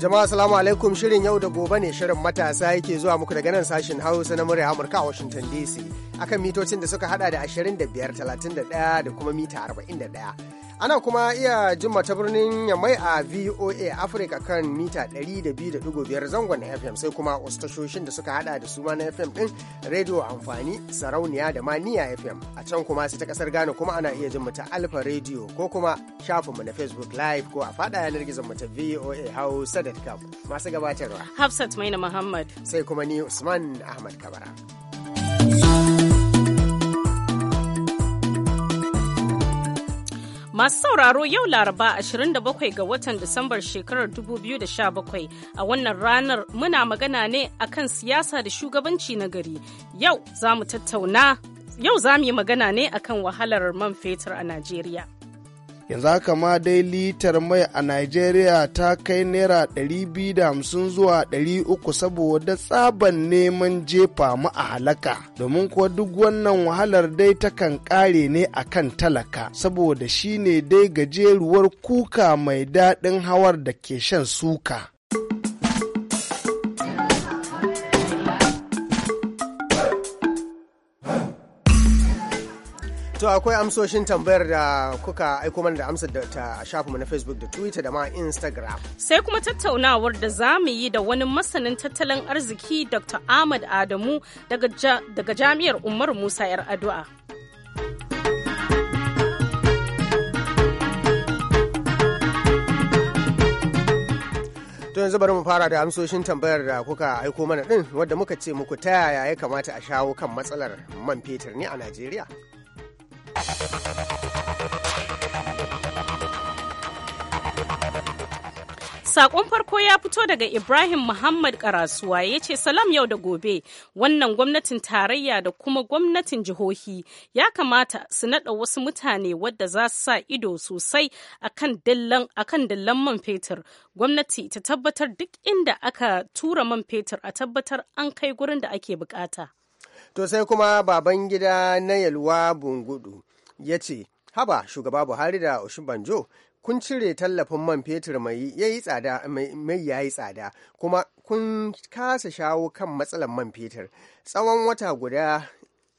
Jama'a salamu alaikum shirin yau da gobe ne shirin matasa yake zuwa muku daga nan sashen Hausa na murya Amurka a Washington DC akan mitocin da suka hada da 25, 31 da kuma mita 41. Ana kuma iya jimma ta birnin Yamai a VOA Africa kan mita 102.5 zangon FM sai kuma wasu tashoshin da suka hada da suma na FM din Radio Amfani, Sarauniya da Maniya FM. A can kuma su ta kasar Ghana kuma ana iya jin mata Alfa Radio ko kuma shafinmu na Facebook Live ko a fada yanar gizon mu ta VOA Hausa.com. Masu gabatarwa. Hafsat Maina Muhammad. Sai kuma ni Usman Ahmad Kabara. Masu sauraro yau Laraba 27 ga watan Disambar shekarar 2017 a wannan ranar muna magana ne akan siyasa da shugabanci na gari. Yau za mu tattauna, yau za mu yi magana ne akan wahalar man fetur a Najeriya. yanzu haka ma dai litar mai a nigeria ta kai naira 250 zuwa 300 saboda tsaban neman jefa mu a halaka domin kuwa duk wannan wahalar dai takan kare ne a kan talaka saboda shine dai gajeruwar kuka mai daɗin hawar da ke shan suka To akwai amsoshin tambayar da kuka aiko mana da amsa da ta shafinmu na Facebook da Twitter da ma Instagram. Sai kuma tattaunawar da za mu yi da wani masanin tattalin arziki Dr. Ahmad Adamu daga Jami'ar Umar Musa 'yar addu'a to yanzu bari mu fara da amsoshin tambayar da kuka aiko mana din wadda muka ce muku ta yaya ya kamata a shawo kan matsalar man fetur ne a Najeriya. Sakon farko ya fito daga Ibrahim Muhammad Karasuwa ya ce salam yau da gobe wannan gwamnatin tarayya da kuma gwamnatin jihohi ya kamata su naɗa wasu mutane wadda za su sa ido sosai akan dillan man fetur. Gwamnati ta tabbatar duk inda aka tura man fetur a tabbatar an kai gurin da ake bukata. To sai kuma baban gida na yalwa bungudu ya ce haba shugaba buhari da oshibanjo kun cire tallafin man fetur mai yayi tsada mai yayi tsada kuma kun kasa shawo kan matsalar man fetur tsawon wata guda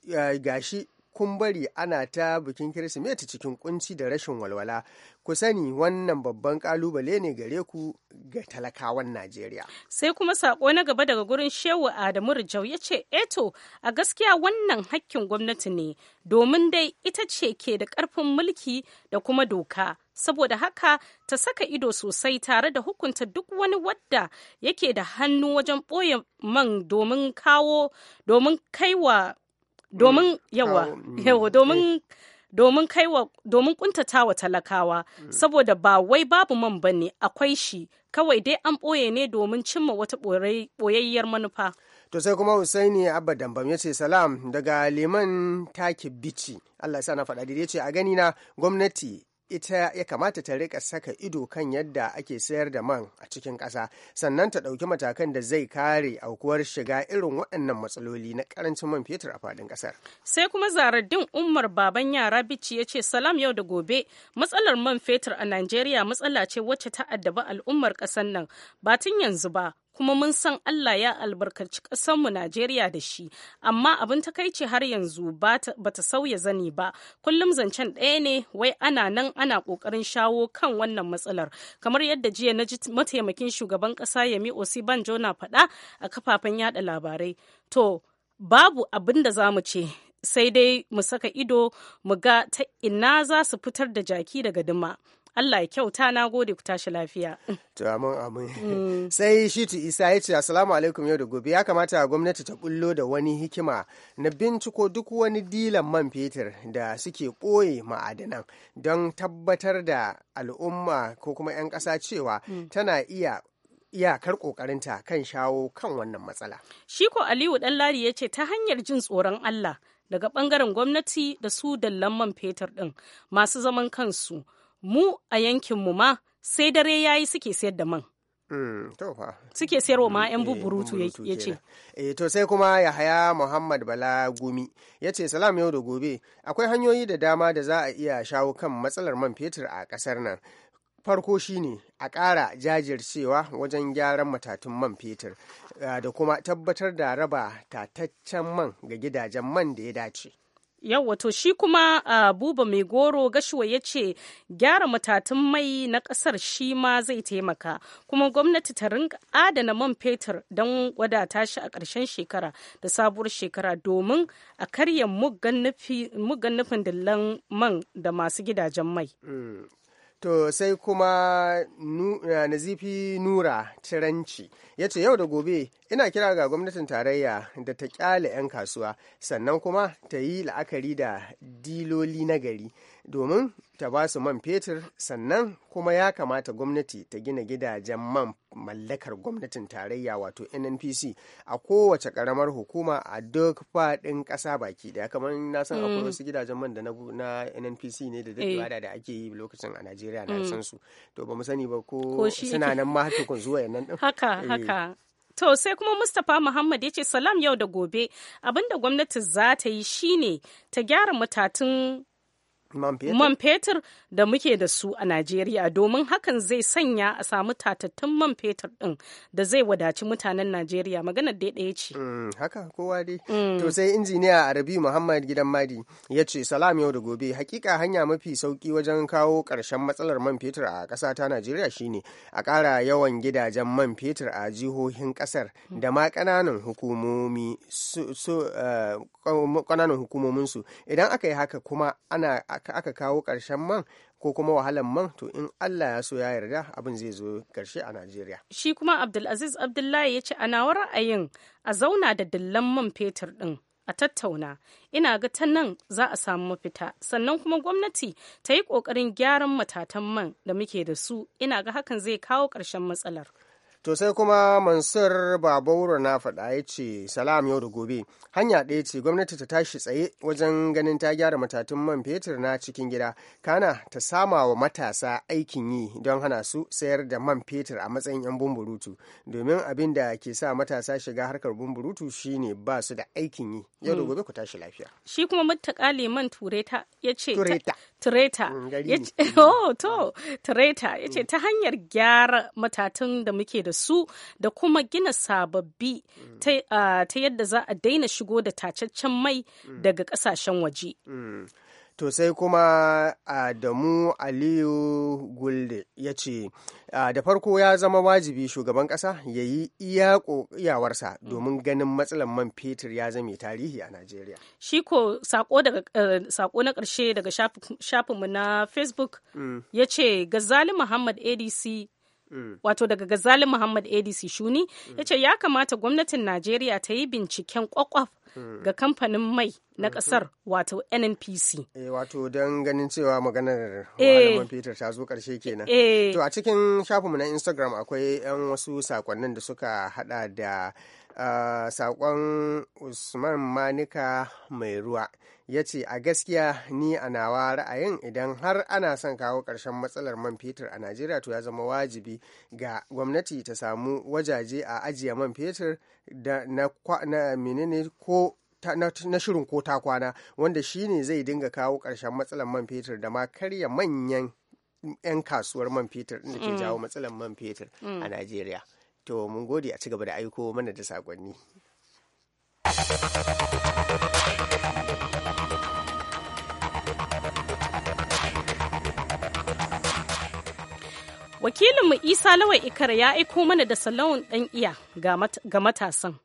eh, gashi kun bari ana ta bikin kirsimeti cikin kunci da rashin walwala ku sani wannan babban kalubale ne gare ku ga talakawan najeriya sai kuma sako na gaba daga gurin shehu adamu rijau ya ce eto eh a gaskiya wannan hakkin gwamnati ne domin dai ita ce ke da karfin mulki da kuma doka saboda haka ta saka ido sosai tare da hukunta duk wani wadda yake da hannu wajen boye man domin kawo domin kaiwa domin mm. yawa mm. yawa domin eh. domin kaiwa domin kuntatawa talakawa mm. saboda ba wai babu man ba ne akwai shi kawai dai an ɓoye ne domin cimma wata ɓoyayyar manufa to sai kuma husaini abba dambam ya ce salam daga liman take bici allah sa na faɗa ya ce a gani na gwamnati ita ya kamata ta rika saka ido kan yadda ake sayar da man a cikin ƙasa sannan ta ɗauki matakan da zai kare aukuwar shiga irin waɗannan matsaloli na ƙarancin man fetur a faɗin ƙasar. Sai kuma zarardin Umar baban yara bici ya ce salam yau da gobe matsalar man fetur a Najeriya matsala ce wacce ta addaba al'ummar ƙasar nan ba tun yanzu ba kuma mun san Allah ya albarkaci ƙasanmu Najeriya da shi, amma abin takaici har yanzu ba ta sauya zani ba, kullum zancen ɗaya ne wai ana nan ana ƙoƙarin shawo kan wannan matsalar. Kamar yadda jiya na ji mataimakin shugaban ƙasa Yemi Osibanjo na faɗa a kafafen yada labarai. To, babu abin da za mu ce sai dai mu saka ido mu ga ta ina za su fitar da jaki daga duma. Allah ya kyauta na gode ku tashi lafiya. To amin amin. Mm. Sai Shitu Isa ya ce assalamu alaikum yau da gobe ya kamata gwamnati ta bullo da wani hikima na binciko duk wani dilan man fetur da suke ɓoye ma'adanan don tabbatar da al'umma ko kuma 'yan ƙasa cewa mm. tana iya iyakar ƙoƙarinta kan shawo kan wannan matsala. Shiko Aliyu Ɗanladi ya ce ta hanyar jin tsoron Allah daga ɓangaren gwamnati da su dallan man fetur ɗin masu zaman kansu. mu a yankinmu ma sai dare ya yi suke sayar da man. Hmm, suke sayarwa ma 'yan hmm, eh, buburutu ya ce. Eh, to sai kuma Yahaya Muhammad Bala Gumi ya ce salam yau da gobe akwai hanyoyi da dama da za a iya shawo kan matsalar man fetur a ƙasar nan. farko shine a ƙara jajircewa wajen gyaran matatun man fetur eh, da kuma tabbatar da raba tataccen man ga gidajen man da ya dace. yau wato shi kuma uh, buba mai goro gashuwa ya ce gyara matatun mai na kasar shi ma zai taimaka kuma gwamnati ta rinka adana man fetur don wadata shi a ƙarshen shekara da sabuwar shekara domin a karya muggan nufin dillan man da masu gidajen mai mm. To sai kuma Nazifi Nura Tiranci ya ce yau da gobe ina kira ga gwamnatin tarayya da ta kyale 'yan kasuwa sannan kuma ta yi la'akari da diloli na gari domin ta ba su man fetur sannan kuma ya kamata gwamnati ta gina gidajen man mallakar gwamnatin tarayya wato nnpc a kowace karamar hukuma a duk faɗin ƙasa baki da kamar na san akwai mm. wasu gidajen man da na nnpc ne da duk eh. da ake yi lokacin a najeriya na mm. san su to ba mu sani ba ko suna nan ma zuwa yannan. haka eh. haka To sai kuma Mustapha Muhammad ya ce salam yau da gobe abinda gwamnati za ta yi shine ta gyara matatun man fetur da muke da su a Najeriya domin hakan zai sanya a samu tatattun man fetur din da zai wadaci mutanen Najeriya maganar dai ɗaya ce. Mm, haka kowa dai. Mm. To sai injiniya Arabi Muhammad Gidan Madi ya ce salam yau da gobe hakika hanya mafi sauki wajen kawo ƙarshen matsalar man fetur a ƙasa ta Najeriya shine a ƙara yawan gidajen man fetur a jihohin ƙasar da ma ƙananan hukumomi su eh, ƙananan hukumomin su idan aka yi haka kuma ana aka kawo ƙarshen man ko kuma wahalan man to in Allah ya so ya yarda abin zai zo ƙarshe a Najeriya. Shi kuma Abdulaziz Abdullahi ya ce a ra'ayin a zauna da dillan man fetur ɗin a tattauna ina ga ta nan za a samu mafita sannan kuma gwamnati ta yi ƙoƙarin gyaran matatan man da muke da su ina ga hakan zai kawo ƙarshen matsalar. to sai kuma mansur babauro na faɗa ya ce salam yau da gobe hanya ɗaya ce gwamnati ta tashi tsaye wajen ganin ta gyara matatun man fetur na cikin gida kana ta sama wa matasa aikin yi don hana su sayar da man fetur a matsayin 'yan bumburutu domin abin da ke sa matasa shiga harkar bumburutu shine ba su da aikin yi yau da hmm. gobe ku tashi lafiya shi kuma mutaka liman tureta ya ce Treta. Mm, mm. Oh, to, Tureta ya ce mm. ta hanyar gyara matatun da muke da su da kuma gina sababbi ah, ta yadda za a daina shigo da tacaccen mai daga kasashen waje. to sai kuma adamu aliyu gulde ya ce da farko ya zama wajibi shugaban kasa ya yi iya iyawarsa mm. domin ganin matsalar man fetur ya zame tarihi a najeriya shi ko sako eh, na karshe daga shafinmu na facebook mm. ya ce gazali muhammad adc Mm. wato daga gazali muhammad adc shuni mm. ya ce ya kamata gwamnatin najeriya ta yi binciken kwakwaf mm. ga kamfanin mai na mm-hmm. kasar wato nnpc eh, wato don ganin cewa maganar eh. malaman peter ta zo karshe kenan eh. to a cikin shafinmu na instagram akwai 'yan wasu sakonnin da suka hada da saƙon usman manika mai ruwa ya ce a gaskiya ni a nawa ra'ayin idan har ana son kawo ƙarshen matsalar man fetur a najeriya to ya zama wajibi ga gwamnati ta samu wajaje a ajiye man fetur da na, menene ko na shirin ko ta kwana wanda shi ne zai dinga kawo ƙarshen matsalar man fetur da ma karya manyan 'yan kasuwar man fetur da ke mm. jawo matsalar man fetur a mm. najeriya to mun gode a cigaba da aiko mana da saƙonni. wakilinmu isa lawai ikara ya aiko mana da salon ɗan iya ga matasan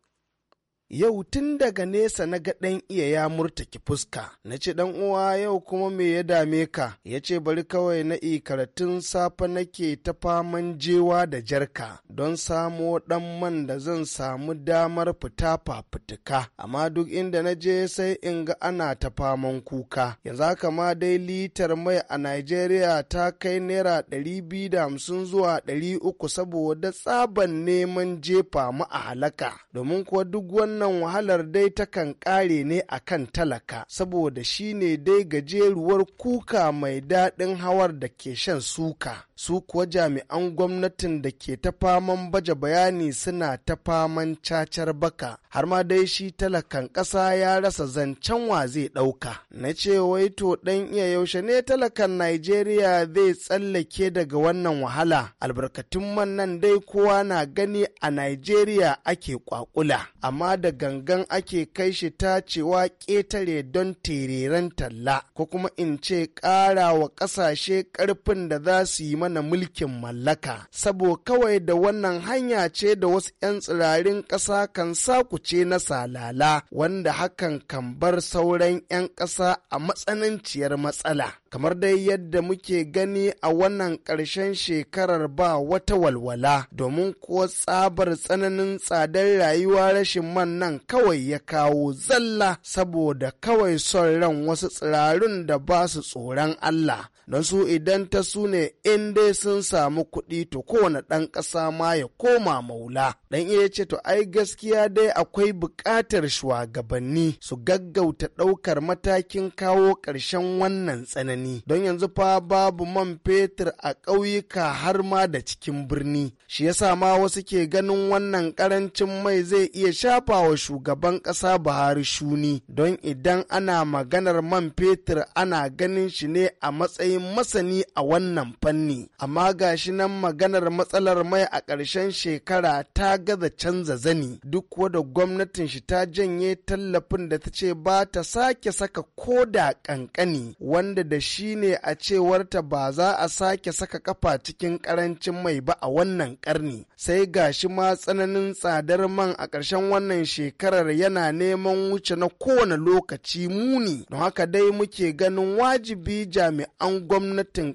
Yau tun daga nesa na ga ɗan iya ya murtaki fuska, na ce ɗan uwa yau kuma me ya dame ka, ya ce bari kawai na karatun safe nake ta faman jewa da jarka don samu ɗan man da zan samu damar fita fafutuka, amma duk inda na je sai in ga ana ta faman kuka. Yanzu haka ma dai litar mai a Najeriya ta kai naira ɗari biyu da hamsin zuwa ɗari uku saboda tsaban neman jefa mu a halaka, domin kuwa duk wani wannan wahalar dai takan kare ne a kan talaka saboda shi ne dai gajeruwar kuka mai daɗin hawar da ke shan suka su kuwa jami'an gwamnatin da ke ta faman baje bayani suna ta faman cacar baka har ma dai shi talakan ƙasa ya rasa zancen wa zai ɗauka na ce wai to ɗan iya yaushe ne talakan najeriya zai tsallake daga wannan wahala albarkatun man nan dai kowa na gani a najeriya ake kwakula amma da gangan ake kai shi ta cewa ƙetare don tereren talla ko kuma in ce ƙara wa ƙasashe ƙarfin da za su yi mana mulkin mallaka sabo kawai da wannan hanya ce da wasu 'yan tsirarin ƙasa kan ce na salala wanda hakan kan bar sauran 'yan ƙasa a matsananciyar matsala kamar dai yadda muke gani a wannan ƙarshen shekarar ba wata walwala domin ko tsabar tsananin tsadar rayuwa rashin man nan kawai ya kawo zalla saboda kawai son ran wasu tsirarun da ba su tsoron Allah don su idan ta su in dai sun samu kuɗi to kowane ɗan ƙasa ma ya koma maula dan iya ce to ai gaskiya dai akwai buƙatar shugabanni su gaggauta ɗaukar matakin kawo ƙarshen wannan tsanani don yanzu fa babu man fetur a ƙauyuka har ma da cikin birni shi yasa ma wasu ke ganin wannan ƙarancin mai zai iya shafa wa shugaban ƙasa Buhari shuni don idan ana maganar man fetur ana ganin shi ne a matsayin masani a wannan fanni amma gashi nan maganar matsalar mai a ƙarshen shekara ta gaza canza zani duk da gwamnatin shi ta janye tallafin da ta ce ba ta sake saka ko da ƙanƙani wanda da shi ne a cewarta ba za a sake saka kafa cikin ƙarancin mai ba a wannan ƙarni sai gashi ma tsananin tsadar man a ƙarshen wannan shekarar yana neman wuce na kowane lokaci muni don haka dai muke ganin wajibi jami'an gwamnatin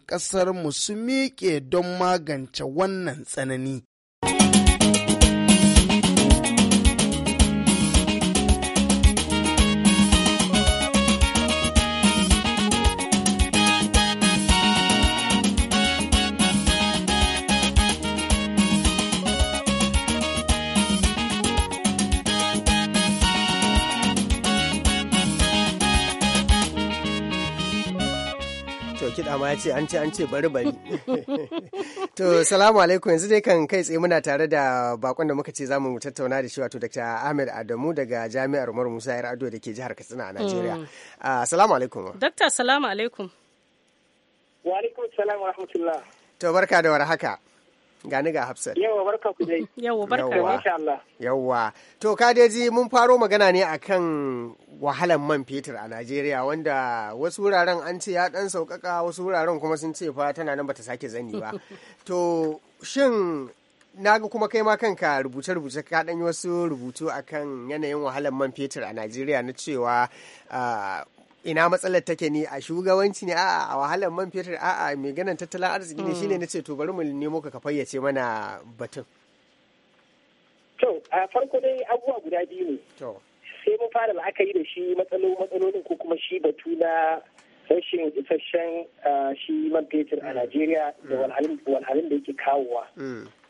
mu su miƙe don magance wannan tsanani. ma ya ce an ce an ce bari bari to salamu alaikum yanzu dai kan kai tsaye muna tare da bakon da muka ce za mu tattauna da shi wato Dr. Ahmed Adamu daga Jami'ar Umar Musa Yar Ado da ke jihar Katsina a Najeriya mm. ah, salamu alaikum Dr. salamu alaikum wa alaikum salam wa rahmatullah to barka da warhaka haka gani ga Hafsat. Yawa barka ku dai. Yawa barka insha Allah. Yawa. To kadeji mun faro magana ne akan wahalan man fetur a Najeriya wanda wasu wuraren an ce ya dan saukaka wasu wuraren kuma sun ce fa tana nan bata sake zani ba. to shin na ga kuma kai ma kanka rubuce-rubuce ka yi wasu rubutu akan yanayin wahalan man fetur a najeriya na cewa ah, ina matsalar take ne a shugabanci ne a'a a wahalar man fetur a'a mai ganin tattalin arziki ne shine hmm. nace to bari mu nemo ka fayyace mana batun to a farko dai abubuwa guda biyu ne to sai mun fara la'akari da shi matsalolin matsalolin ko kuma shi batu na rashin isasshen shi man fetur a hmm. Najeriya da hmm. walhalin da yake kawowa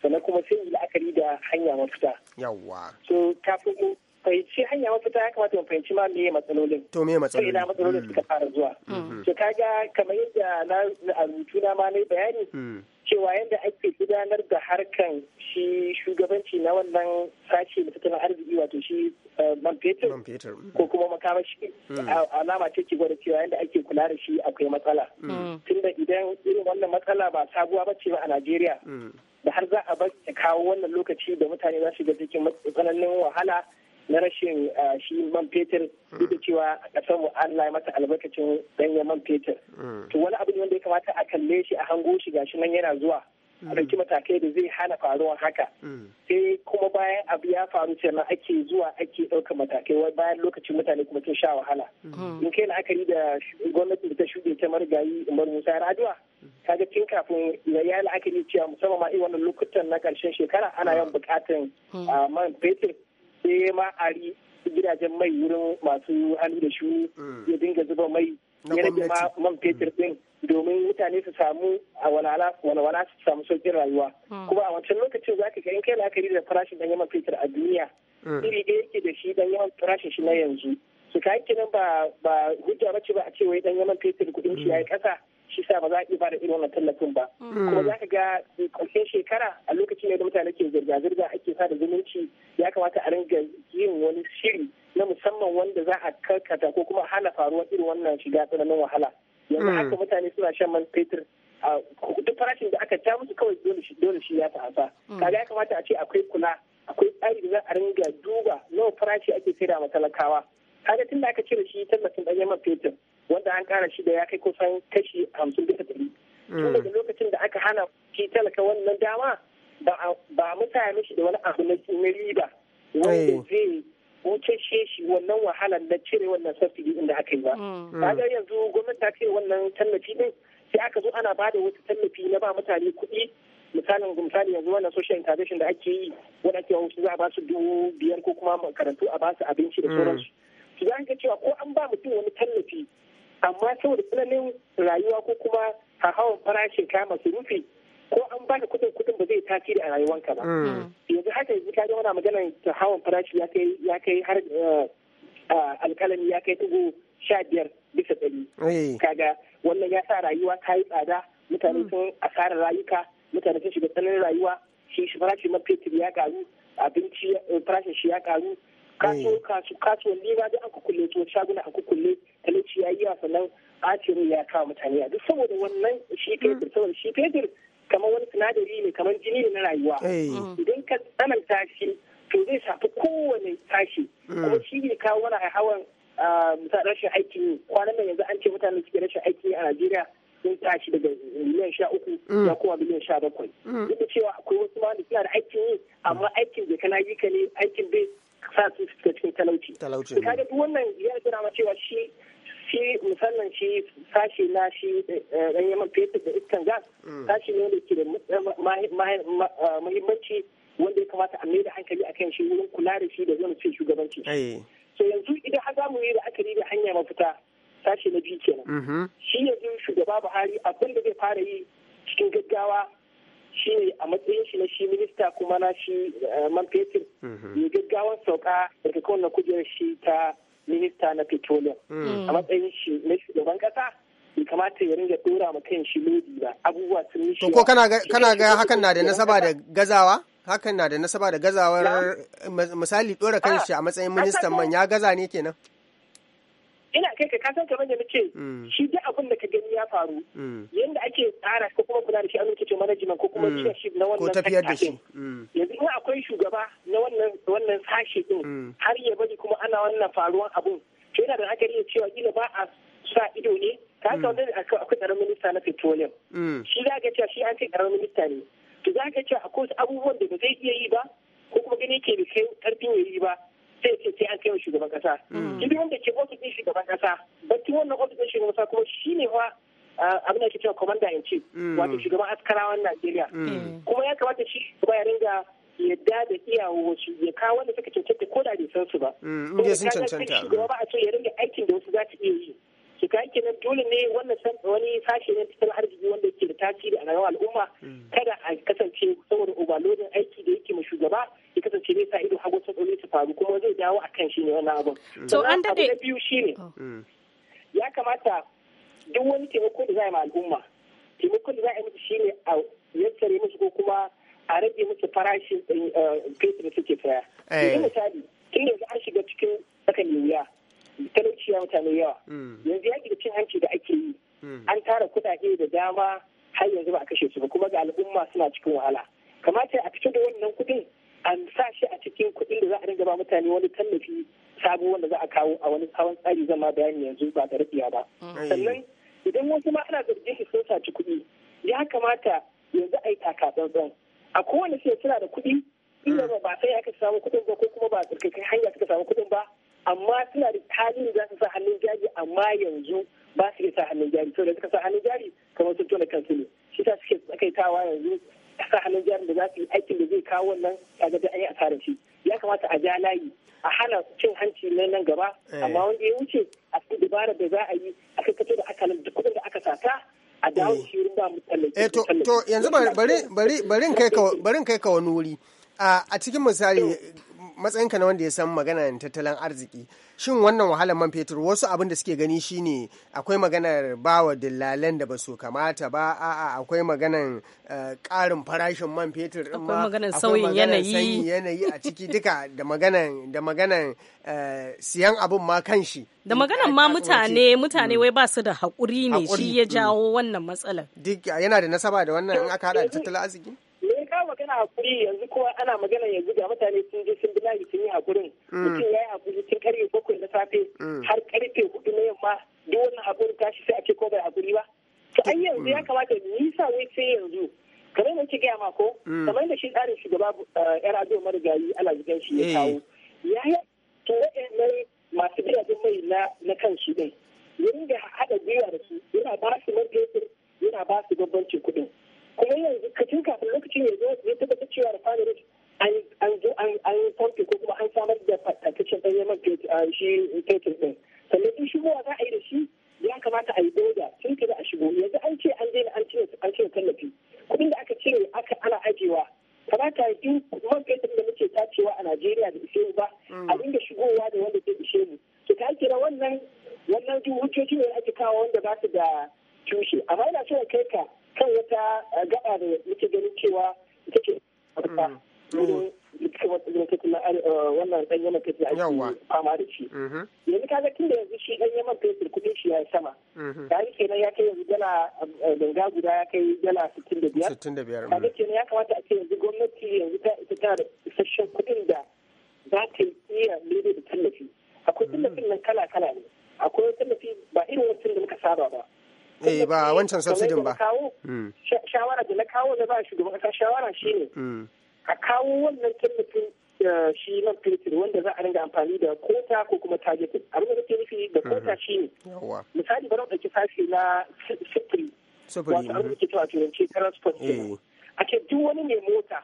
sannan kuma sai la'akari da hanya mafita yawa so kafin fahimci hanya mafita ya kamata mu fahimci ma meye matsalolin to meye matsalolin ina matsalolin suka fara zuwa mm-hmm. to ga kamar yadda na rubutu na ma nayi bayani mm. cewa yadda ake gudanar da harkan shi shugabanci na wannan sace da tattalin arziki wato shi eh, man fetur mm. ko kuma makamashi mm. alama ce ke gwada cewa yadda ake kula da shi akwai matsala tunda idan irin wannan matsala ba sabuwa ba ce ba a najeriya da har za a bar kawo wannan lokaci da mutane za su ga cikin tsananin wahala na rashin shi man fetur duk da cewa a ƙasar mu Allah ya mata albarkacin danyen man fetur mm. to wani abu ne wanda ya kamata a kalle shi a hango shi gashi nan yana zuwa a mm. ɗauki matakai da zai hana faruwar haka mm. sai kuma bayan abu ya faru sannan ake zuwa ake ɗaukar matakai bayan lokacin mutane kuma sun sha wahala in kai la'akari da gwamnatin da ta shuɗe ta marigayi umar musa raduwa ga tun kafin ya yi la'akari cewa musamman ma wannan lokutan na ƙarshen shekara ana yawan buƙatan man fetur sai ma ari gidajen mai wurin masu hannu da shuni mm. ya dinga zuba mai ya rage ma man fetur mm. din domin mutane su samu a walwala su samu sauƙin rayuwa mm. kuma a wancan lokacin za ka ga in kai la'akari da farashin dan yaman fetur a duniya iri ɗaya yake da shi dan yaman farashin shi na yanzu su ka kinan ba ba hujja ce ba a ce wai dan yaman fetur kuɗin shi yayi ƙasa shi sa ba za a iya bada irin wannan tallafin ba kuma za ka ga ƙarshen shekara a lokacin da mutane ke zirga-zirga ake sada zumunci ya kamata a ringa yin wani shiri na musamman wanda za a karkata ko kuma hana faruwar irin wannan shiga tsananin wahala yanzu hmm. haka mutane suna shan man fetur a duk farashin da aka ja musu kawai dole shi ya ta'asa hmm. kaga ya kamata a ce akwai kula akwai tsari da za a ringa duba nawa farashi ake saida ma talakawa kaga tun da aka cire shi tallafin ɗanyen man fetur wanda an kara shi da ya kai kusan kashi hamsin bisa ɗari tun hmm. daga lokacin da aka hana shi talaka wannan dama ba mutane shi da wani abu na riba wanda eh. zai wucece shi wannan wahalar na cire wannan safiri inda aka yi ba. Mm. Kaga mm. yanzu gwamnati ta ce wannan tallafi din sai aka zo ana ba da wasu tallafi na ba mutane kuɗi misalin misali yanzu wannan social intervention da ake yi wanda ake wasu za a ba su dubu biyar ko kuma makarantu a ba su abinci da mm. sauransu. Su za ka cewa ko an ba mutum wani tallafi amma saboda tsananin rayuwa ko kuma hawan farashin kaya masu rufi ko an bani kuɗin kuɗin ba zai tasiri a rayuwanka ba mm. yanzu haka yanzu ka wani magana ta hawan farashi ya kai ya kai har eh, ah, alkalami ya kai tugu sha biyar bisa ɗari eh. kaga wannan ya sa rayuwa ta yi tsada mutane mm. sun asarar rayuka mutane sun shiga tsananin rayuwa shi farashin ya karu abinci eh, farashin shi ya karu kaso kaso kasuwanni da aka kulle to shaguna aka kulle talauci ya yi yawa sannan ya kawo mutane a duk saboda wannan shi mm. fetur saboda shi fetur kamar wani sinadari ne kamar jini ne na rayuwa eh. idan ka tsananta shi to zai shafi kowane sashi mm. kuma shi ne kawo wani hawan rashin aikin yi kwanan nan yanzu an ce mutane suke rashin aiki a Najeriya sun tashi daga miliyan sha uku mm. ya kuma miliyan sha bakwai mm. duk da cewa akwai wasu ma da suna da aikin yi amma aikin bai kana yi ka ne aikin bai sa su cikin talauci. Talauci. Kaga duk wannan ya gina cewa shi shi musamman shi sashi na shi ɗanyen eh, man fetur da iskan gas mm. sashi ne da ke da eh, eh, muhimmanci wanda ya kamata a mai da hankali akan shi wurin kula da shi da zama cin shugabanci. So yanzu idan haza mu yi da aka da hanya mafita sashi na biyu kenan. Mm-hmm. Shi yanzu shugaba Buhari abin da zai fara yi cikin gaggawa shi ne a matsayin shi na shi minista kuma na shi man fetur. mai mm-hmm. gaggawan sauka daga kowane kujerar shi ta minista na petroleum mm. a matsayin shi na shugaban kasa bai kamata ya ringa dora ma kan shi lodi ba abubuwa sun yi shi ko kana ga hakan na da nasaba da gazawa hakan na da nasaba da gazawar misali dora kan ah. shi a matsayin ministan man ya gaza ne kenan ina kai ka kasan kamar da nake mm. shi duk abin da ka gani ya faru mm. yanda ake tsara ko kuma kula da shi a lokacin management ko kuma mm. leadership na wannan tafiyar da shi yanzu in akwai shugaba na wannan wannan sashi din har ya bari kuma ana wannan faruwan abun to yana da iya cewa kila ba a sa ido ne ka ga wannan akwai karamin minista na petroleum shi za ka cewa shi an kai karamin minista ne to za ka cewa akwai abubuwan da ba zai iya yi ba ko kuma gani ke da kai karfin yayi ba sai ce sai an kai shugaban kasa shi mm. wanda ke ofis shugaban kasa batun wannan ofis shugaban kasa kuma ne wa abin da ke cewa kwamanda in ce mm. wato shugaban askarawan Najeriya mm. kuma ya kamata shi ba ya ringa yadda da iyawoci ya kawo wanda suka cancanta ko da bai san su ba. Ko da ya ba a ce ya ringa aikin da wasu za su iya yi. su ka na dole ne wannan wani sashe ne tattalin arziki wanda yake da tasiri a rayuwar al'umma mm. kada a kasance saboda ubalodin aiki da yake mu shugaba ya kasance ne sa ido hagu ta tsoro ta faru kuma zai dawo a kan shi ne wannan abun mm. to an dade abu biyu ne oh. mm. ya kamata duk wani taimako da za a yi ma al'umma taimakon da za a yi musu shi ne a yankare musu ko kuma a rage musu farashin eh, eh, fetur da suke saya. Eh. misali, tun yanzu an shiga cikin tsakanin wuya. talauci ya mutane yawa mm. yanzu yaki da cin hanci da ake yi mm. an tara kuɗaɗe da dama har yanzu ba a kashe su ba kuma ga al'umma suna cikin wahala kamata a fito da wannan kuɗin an sa shi a cikin kuɗin da za a dinga ba mutane wani tallafi sabo wanda za a kawo a wani tsawon tsari zama bayani yanzu ba da rabiya ba mm. sannan idan wasu ma ana zargin su sun saci kuɗi ya kamata yanzu a yi taka tsantsan a kowane sai suna da kuɗi inda ba sai aka samu kuɗin ba ko kuma ba tsarkakai hanya suka samu kuɗin ba amma suna da tarihi za su sa hannun jari amma yanzu ba su iya sa hannun jari to da suka sa hannun jari kamar sun tona kansu ne shi ta suke tsakaitawa yanzu sa hannun jari da za su yi aikin da zai kawo wannan kaga da an yi asarar shi ya kamata a ja layi a hana cin hanci na nan gaba eh. amma wanda ya wuce a cikin dabarar da za a yi a kai fito da aka nan duk kuɗin da aka sata a dawo eh. shi wurin ba mu Eh to to yanzu bari bari bari kai ka bari kai ka wani wuri a cikin misali matsayinka na wanda ya san maganar tattalin arziki shin wannan wahalar man fetur wasu abin da suke gani shine akwai maganar bawa dillalan da ba su kamata ba a'a akwai maganar eh, ƙarin farashin man fetur din ma akwai maganar sauyin yanayi yanayi a ciki duka da maganar da maganar eh, siyan abin ma kan shi da maganar ma mutane mutane mm. wai ba su da haƙuri ne shi ya mm. jawo wannan matsalar duk yana da nasaba da wannan in aka hada da tattalin arziki ana hakuri yanzu kowa ana magana yanzu ga mutane sun je sun bi layi sun yi hakurin mm. mutum ya yi hakuri tun karfe bakwai na safe mm. har karfe hudu na yamma duk wannan ta shi sai a ce ko bai hakuri ba to an yanzu ya mm. kamata sa wai sai yanzu kamar da gaya ma ko kamar da shi tsarin shugaba eh, yar ado marigayi alazigan shi ya eh. kawo ya yi to wa'annan masu gidajen mai na kan shi ɗin haɗa biya da su yana ba su marketing yana ba su bambancin kuɗin kuma yanzu ka kafin kafin lokacin ya zo ta tabbata cewa refinery an zo an yi pumping ko kuma an samar da fatakacin ɗanyen man shi fetur ɗin sannan in shigowa za a yi da shi ya kamata a yi oda sun kada a shigo yanzu an ce an daina an cire an cire tallafi kuɗin da aka cire aka ana ajewa kamata in man fetur da muke tacewa a Najeriya da ishe ba mm. a dinga shigowa da wanda zai ishe mu to ta kira wannan wannan duk hujjoji ne ake kawo wanda ba su da tushe amma ina so kai ka kan wata eh, gaba da muke ganin cewa ita ce mm. eh, wannan ɗan yaman fetur ake fama da shi. Mm-hmm. Yanzu kaga tun da yanzu shi ɗan yaman fetur kuɗin shi ya yi sama. da mm-hmm. Tare kenan ya kai yanzu dala eh, ganga guda ya kai dala sittin da biyar. Sittin da biyar. Kaga mm. kenan ya kamata a ce yanzu gwamnati yanzu ta ita ta da isasshen kuɗin da za ta iya lebe da tallafi. Akwai tallafin nan kala kala ne. Akwai tallafi ba irin wancan da muka saba ba. eh ba wancan subsidin ba mm. shawara da na kawo da ba shugaban kasa shawara shine mm. a kawo wannan tallafin eh, shi man fetur wanda za a ringa amfani da kota ko kuma targeted abin da nake nufi da kota mm-hmm. shine misali bari mu ɗauki sashi na sufuri wato abin da mm-hmm. ke cewa turanci transport eh. a ce duk wani mai mota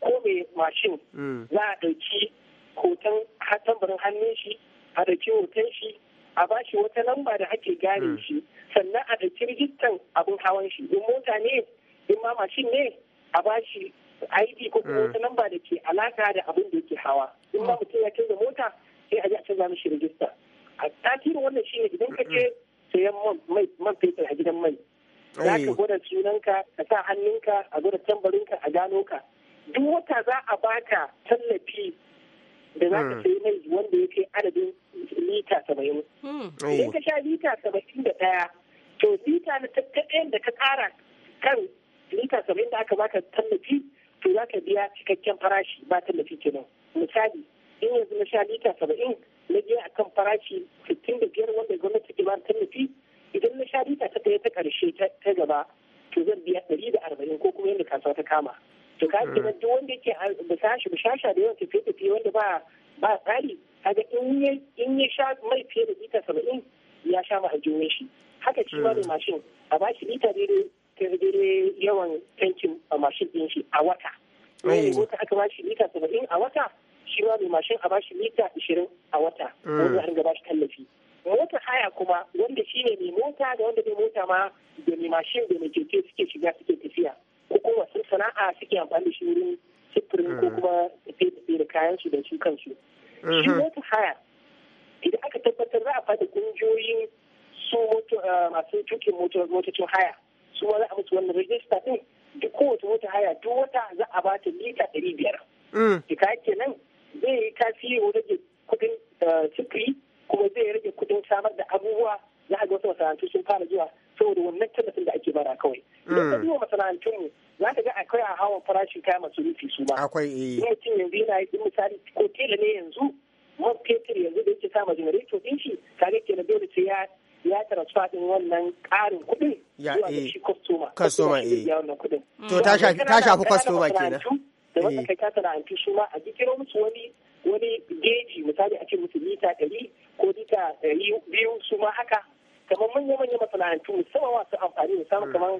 ko mai mashin mm. za a ɗauki hoton tambarin hannun shi a ɗauki hoton shi a shi wata lamba da ake gane hmm. shi sannan a ɗauki rijistan abin hawan shi in mota ne in ma mashin ne a bashi ID ko kuma hmm. wata lamba da ke alaka da abin da yake hawa in ma hmm. mutum ya canza mota sai a ji a canza mishi rijista a tasirin wannan ne idan ka je sayan man fetur a gidan mai za ka oh. gwada sunanka ka sa hannunka a gwada tambarinka a gano ka duk wata za a baka tallafi da za ka hmm. sayi mai wanda ya kai adadin lita saba'in. Hmm. Idan ka sha lita saba'in da ɗaya, to lita na tattalin da ka ƙara kan lita saba'in da aka baka tallafi, to za ka biya cikakken farashi ba tallafi kenan. Misali, in yanzu na sha lita saba'in, na biya akan farashi sittin da biyar wanda gwamnati ke ba tallafi, idan na sha lita ta ɗaya ta ƙarshe ta gaba, to zan biya ɗari da arba'in ko kuma yadda kasuwa ta kama. to ka kira eh. duk wanda yake bisashi bishasha da yawan tafiye tafiye wanda ba ba tsari kaga in ya in ya sha mai fiye da lita saba'in ya sha ma ajiyar shi haka shi ma hmm. mashin a ba shi lita daidai yawan tankin mashin din shi a wata. Wani aka ba shi lita saba'in a wata shi ma mai mashin a ba shi lita ashirin a wata hmm. wanda an gaba shi tallafi. wata haya kuma wanda shi ne mai mota da wanda mai mota ma da mai mashin da mai keke suke shiga suke tafiya. ko kuma wasu sana'a suke amfani da shi wurin sufurin ko eh. kuma tafiye da kayan su da su kansu shi eh. motar haya idan aka tabbatar za a fada kungiyoyin su eh, masu tukin motocin haya su ma za a mutu wannan rajista din duk kowace mota haya duk wata za a ba ta lita ɗari biyar. Jika kenan zai yi tasiri wajen rage kuɗin sufuri kuma zai rage kuɗin samar da abubuwa za a ga wasu masana'antu sun fara zuwa saboda wannan tallafin da ake bara kawai hmm. idan ka duba masana'antun ne za ka ga akwai a hawan farashin masu rufi su ba. akwai eh cin yanzu yana yi misali ko tela ne yanzu man fetur yanzu da yake sama generator din shi kaga kenan dole sai ya ya transfer din wannan ƙarin kuɗin zuwa eh. shi kwastoma. customer eh to ta shafi ta shafi na. kenan da wata eh. kai ta sana'antu su ma a jikiro musu wani wani geji misali a ce musu mita ɗari ko mita ɗari biyu su ma haka kamar manya-manya masana'antu musamman masu amfani musamman mm. kamar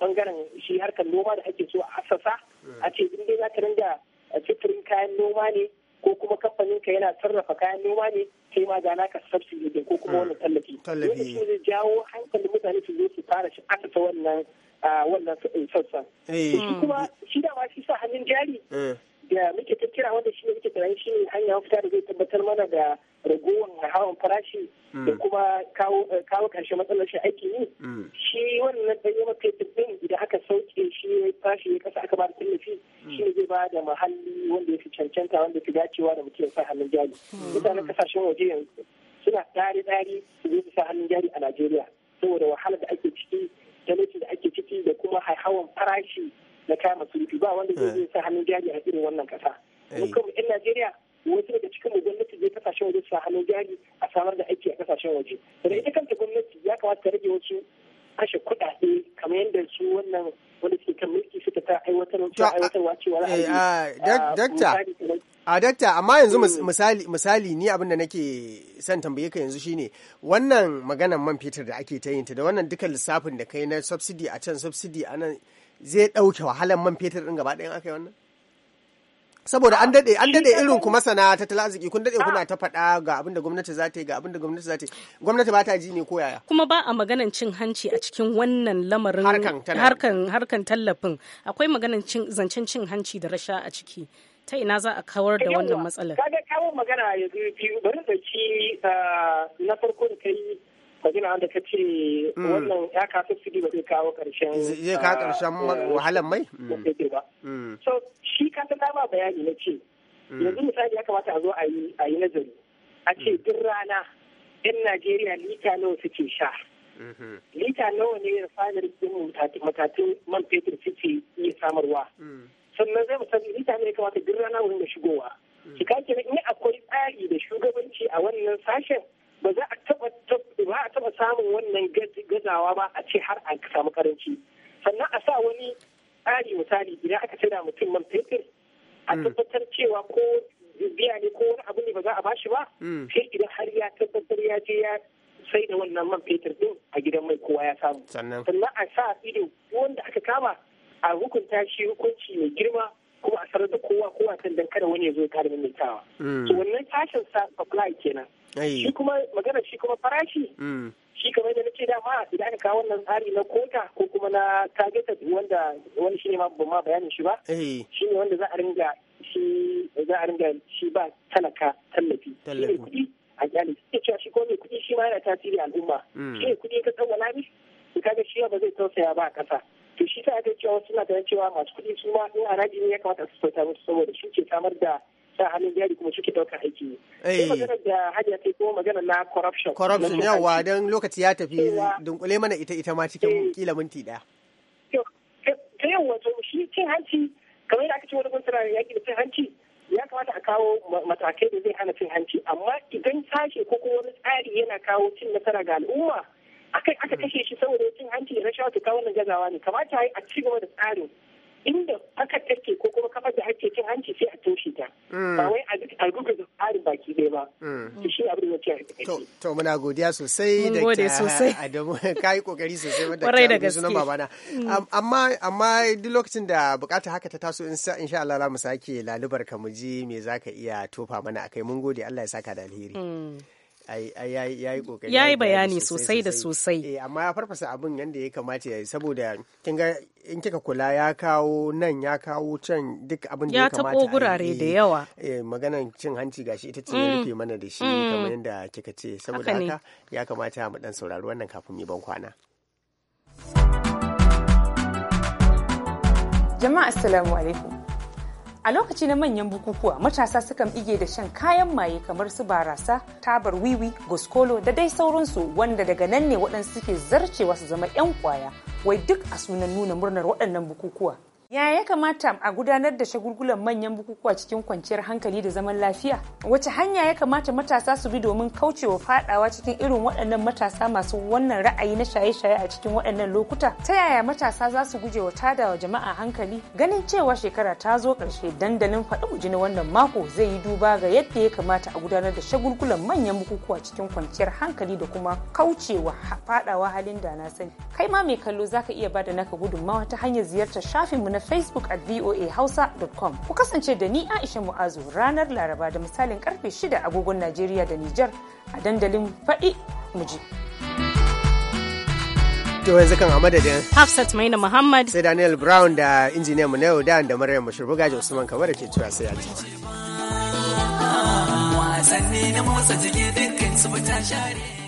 bangaren uh, shi harkar noma da ake so a asasa mm. a ce in dai za ka ringa uh, sufurin kayan noma ne ko kuma kamfanin ka yana sarrafa kayan noma ne sai ma gana ka sabsi ko kuma mm. wannan tallafi tallafi ne zai jawo hankali mutane su zo su fara shi asasa wannan uh, wannan sassan eh. shi kuma shi da ma shi sa hannun jari eh. da muke tattira wanda shi ne muke tunanin shi ne hanya fita da zai tabbatar mana da ragowar hawan farashi mm. da kuma kawo eh, karshen matsalar shi aiki yi mm. shi wannan ɗanye mafi ɗin idan aka sauke shi ya farashi ya kasa aka ba da tallafi mm. shi ne zai ba da muhalli wanda ya fi cancanta wanda ya fi da mutum ya sa hannun jari mutanen kasashen waje yanzu suna tsari-tsari su zai su sa hannun jari a najeriya saboda wahalar da ake ciki talauci da ake ciki da kuma haihawan farashi na kama sulfi ba wanda zai zai sa hannun jari a irin wannan kasa mukan eh. yan Najeriya wasu daga cikin mu gwamnati zai kasashen waje sa hannun jari a samar da aiki a kasashen waje da ita kanta gwamnati ya kamata ta rage wasu kashe kuɗaɗe kamar yadda su wannan wanda suke kan mulki suka ta aiwatar aiwatarwa cewa ra'ayi a eh, ah, dakta ah, ah, amma yanzu mm. misali misali ni abin da nake son tambaye ka yanzu shine wannan maganan man fetur da ake ta yin ta da wannan duka lissafin da kai na subsidy a can subsidy a nan zai ɗauke wahalar man fetur ɗin gaba ɗayan aka yi wannan saboda an daɗe an daɗe irin ku masana tattalin arziki kun daɗe kuna ta faɗa ga abin da gwamnati za ta yi ga abin da gwamnati za ta yi gwamnati ba ta ji ne ko yaya kuma ba a maganan cin hanci a cikin wannan lamarin harkan tallafin akwai maganan zancen cin hanci da rasha a ciki ta ina za a kawar da wannan matsalar kaga kawo magana ya biyu bari da ci ah, na farko da kai magana wanda ka ce mm. wannan ya kasu su ba zai kawo karshen zai kawo karshen ah, eh, wahalan mai mm. mm. so shi ka ta ba bayani na ce yanzu misali ya kamata a zo a yi nazari a ce duk rana yan najeriya lita nawa suke sha mm-hmm. lita nawa ne refinery din matatun man fetur suke iya samarwa sannan zai musamman lita ne kamata duk rana wurin da shigowa shi kake in akwai tsari da shugabanci a wannan sashen ba za a taba ba a taba samun wannan gazawa ba a ce har an samu karanci sannan a sa wani tsari misali idan aka da mutum man fetur a mm. tabbatar cewa ko biya ne ko wani abu ne ba za a bashi ba mm. sai idan har ya tabbatar ya je ya sai da wannan man fetur din a gidan mai kowa ya samu sannan a sa ido wanda aka kama a hukunta shi hukunci mai girma kuma a sanar da kowa ko a dan kada wani ya zo ya kare mintawa. Mm. so wannan tashin sa supply kenan shi kuma magana shi kuma farashi mm. shi kamar da nake dama idan ka kawo wannan tsari na kota ko kuma na targeted wanda wani shine ma ban ma bayanin shi ba ne wanda za a ringa shi za a ringa shi ba talaka tallafi shi kuɗi a jali suke cewa shi ko mai kuɗi shi ma yana tasiri al'umma mm. shi ne kuɗi ka tsawwala ne ka ga shi ba zai tausaya ba a ƙasa to shi ta ga cewa suna ganin cewa masu kuɗi su ma in ana ne ya kamata su sauta musu saboda shi ke samar da sa hannun jari kuma suke ɗaukar aiki. Eh. Sai magana da hajiya sai kuma magana na corruption. Corruption yawa don lokaci ya tafi dunkule mana ita ita ma cikin eh. kila minti ɗaya. Ta yau wato shi cin hanci kamar yadda aka ce wani gunsura yaƙi da cin hanci ya kamata a kawo matakai da zai hana cin hanci amma idan sashe ko kuma wani tsari yana kawo cin nasara ga al'umma akai aka hmm. kashe shi saboda cin hanci da rashawa ta kawo gazawa ne kamata a yi a ci gaba da tsarin inda aka take ko kuma kamar da ake cin hanci sai a toshe ta hmm. ba wai a rubuta da tsarin baki ɗaya ba hmm. to shi abin da ce to to muna godiya sosai da a da kai kokari sosai wanda kai da sunan babana amma amma duk lokacin da bukata haka ta taso insha Allah za mu sake lalubar ka mu ji me zaka iya tofa mana akai mun gode Allah ya saka da alheri ya kokari yayi bayani sosai da sosai eh amma ya farfasa abin yanda ya kamata yayi saboda kin ga in kika kula ya kawo nan ya kawo can duk abin da ya kamata ya taɓo gurare da yawa eh, maganan cin hanci gashi ita ce ya mm, rufe mana da shi mm. kamar yadda kika ce saboda haka ya kamata mu dan saurari wannan kafin mu ban kwana jama'a assalamu alaikum A lokaci na manyan bukukuwa matasa sukan ige da shan kayan maye kamar su barasa, tabar wiwi, goskolo da dai sauransu wanda daga nan ne waɗansu suke zarcewa su zama 'yan kwaya wai duk a sunan nuna murnar waɗannan bukukuwa. Ya ya kamata a gudanar da shagulgulan manyan bukukuwa cikin kwanciyar hankali da zaman lafiya? Wace hanya ya kamata matasa su bi domin kaucewa fadawa cikin irin waɗannan matasa masu wannan ra'ayi na shaye-shaye a cikin waɗannan lokuta? Ta yaya matasa za su guje wa tada jama'a hankali? Ganin cewa shekara ta zo ƙarshe dandalin faɗi guji na wannan mako zai yi duba ga yadda ya kamata a gudanar da shagulgulan manyan bukukuwa cikin kwanciyar hankali da kuma kaucewa fadawa halin da na sani. Kai ma mai kallo zaka iya bada naka gudunmawa ta hanyar ziyartar shafinmu na Facebook at voahausa.com. Ku kasance da ni Aisha Mu'azu ranar Laraba da misalin karfe shida agogon Najeriya da Nijar a dandalin faɗi muji. To yanzu kan a madadin Hafsat Maina Muhammad sai Daniel Brown da injiniyan mu na yau da da Maryam Bashir Bugaji Usman kamar da ke cewa sai a Wasanni na motsa jiki dukkan su ta share.